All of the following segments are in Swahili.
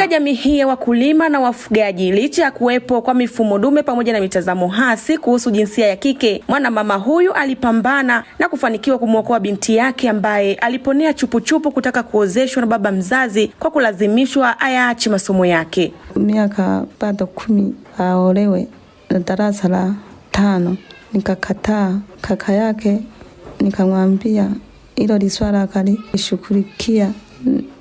Katika jamii hii ya wakulima na wafugaji, licha ya kuwepo kwa mifumo dume pamoja na mitazamo hasi kuhusu jinsia ya kike, mwanamama huyu alipambana na kufanikiwa kumwokoa binti yake ambaye aliponea chupuchupu kutaka kuozeshwa na baba mzazi kwa kulazimishwa ayaache masomo yake. Miaka bado kumi aolewe darasa la tano, nikakataa. Kaka yake nikamwambia ilo liswala akalishughulikia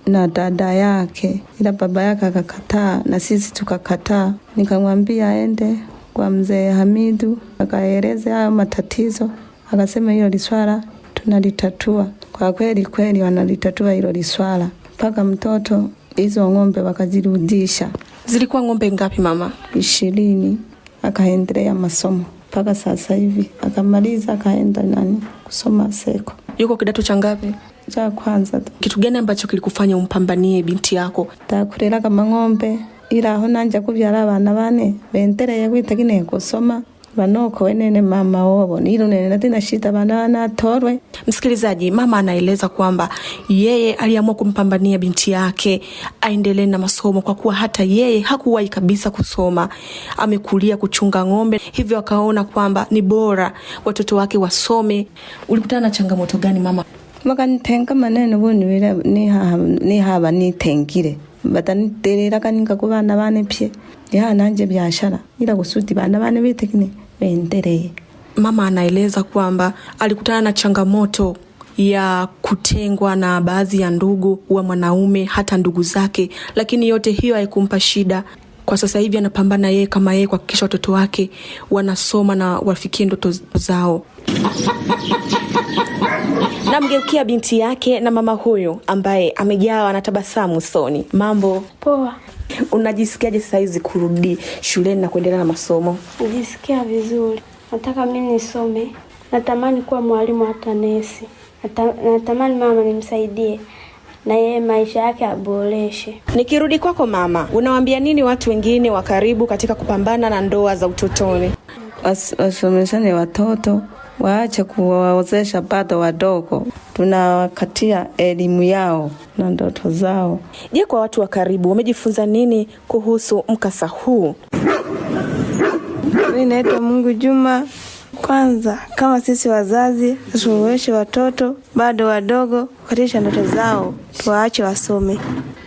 na dada yake, ila baba yake akakataa na sisi tukakataa. Nikamwambia aende kwa mzee Hamidu akaeleze hayo matatizo, akasema hilo liswala tunalitatua. Kwa kweli kweli wanalitatua hilo liswala, mpaka mtoto hizo ng'ombe wakazirudisha. Zilikuwa ng'ombe ngapi mama? Ishirini. Akaendelea masomo mpaka sasa hivi akamaliza, akaenda nani kusoma seko. Yuko kidato cha ngapi? cha kwanza tu. Kitu gani ambacho kilikufanya umpambanie binti yako? takurera kama ng'ombe ila aho nanja kuvyara abana bane bentereye gwitaga intego gusoma banoko wenene mama wobo natina shita bana na torwe. Msikilizaji, mama anaeleza kwamba yeye aliamua kumpambania binti yake aendelee na masomo kwa kuwa hata yeye hakuwahi kabisa kusoma, amekulia kuchunga ng'ombe, hivyo akaona kwamba ni bora watoto wake wasome. Ulikutana na changamoto gani mama? makan tengka mana ni ni ha ha bani tengki le batan nithenkile vatanitelera kaninga kaku bana bana pye ya nanje biashara ila bana vana vane vitekine vendeleye. Mama anaeleza kwamba alikutana na changamoto ya kutengwa na baadhi ya ndugu wa mwanaume hata ndugu zake, lakini yote hiyo haikumpa shida. Kwa sasa hivi anapambana yeye kama yeye kuhakikisha watoto wake wanasoma na wafikie ndoto zao. Namgeukia binti yake na mama huyu ambaye amejawa na tabasamu usoni. Mambo poa? Unajisikiaje sasa hizi kurudi shuleni na kuendelea na masomo? Najisikia vizuri, nataka mimi nisome, natamani kuwa mwalimu hata nesi. Nata, natamani mama nimsaidie na yeye maisha yake aboreshe. Nikirudi kwako mama, unawambia nini watu wengine wa karibu katika kupambana na ndoa za utotoni? Wasomeshane watoto waache kuwaozesha bado wadogo, tunawakatia elimu yao na ndoto zao. Je, kwa watu wa karibu wamejifunza nini kuhusu mkasa huu? Mi naitwa Mungu Juma. Kwanza, kama sisi wazazi tusuluhishe watoto bado wadogo, kukatisha ndoto zao, tuwaache wasome.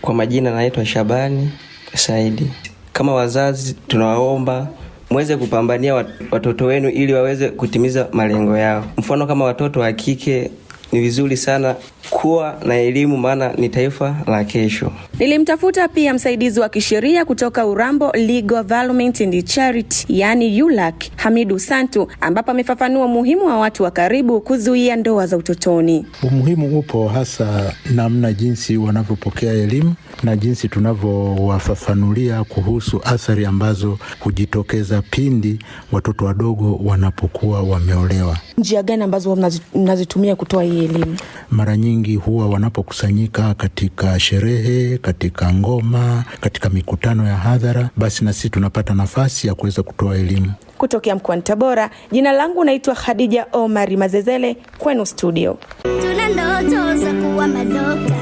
Kwa majina naitwa Shabani Saidi. Kama wazazi tunawaomba mweze kupambania watoto wenu ili waweze kutimiza malengo yao. Mfano kama watoto wa kike ni vizuri sana kuwa na elimu, maana ni taifa la kesho. Nilimtafuta pia msaidizi wa kisheria kutoka Urambo Legal Development and Charity, yani ULAC, Hamidu Santu, ambapo amefafanua umuhimu wa watu wa karibu kuzuia ndoa za utotoni. Umuhimu upo hasa namna jinsi wanavyopokea elimu na jinsi tunavyowafafanulia kuhusu athari ambazo hujitokeza pindi watoto wadogo wanapokuwa wameolewa. Njia gani ambazo mnazitumia kutoa hii kielimu. Mara nyingi huwa wanapokusanyika katika sherehe, katika ngoma, katika mikutano ya hadhara, basi na sisi tunapata nafasi ya kuweza kutoa elimu. Kutokea mkoani Tabora, jina langu naitwa Khadija Omari Mazezele, kwenu studio. Tuna ndoto za kuwa madoka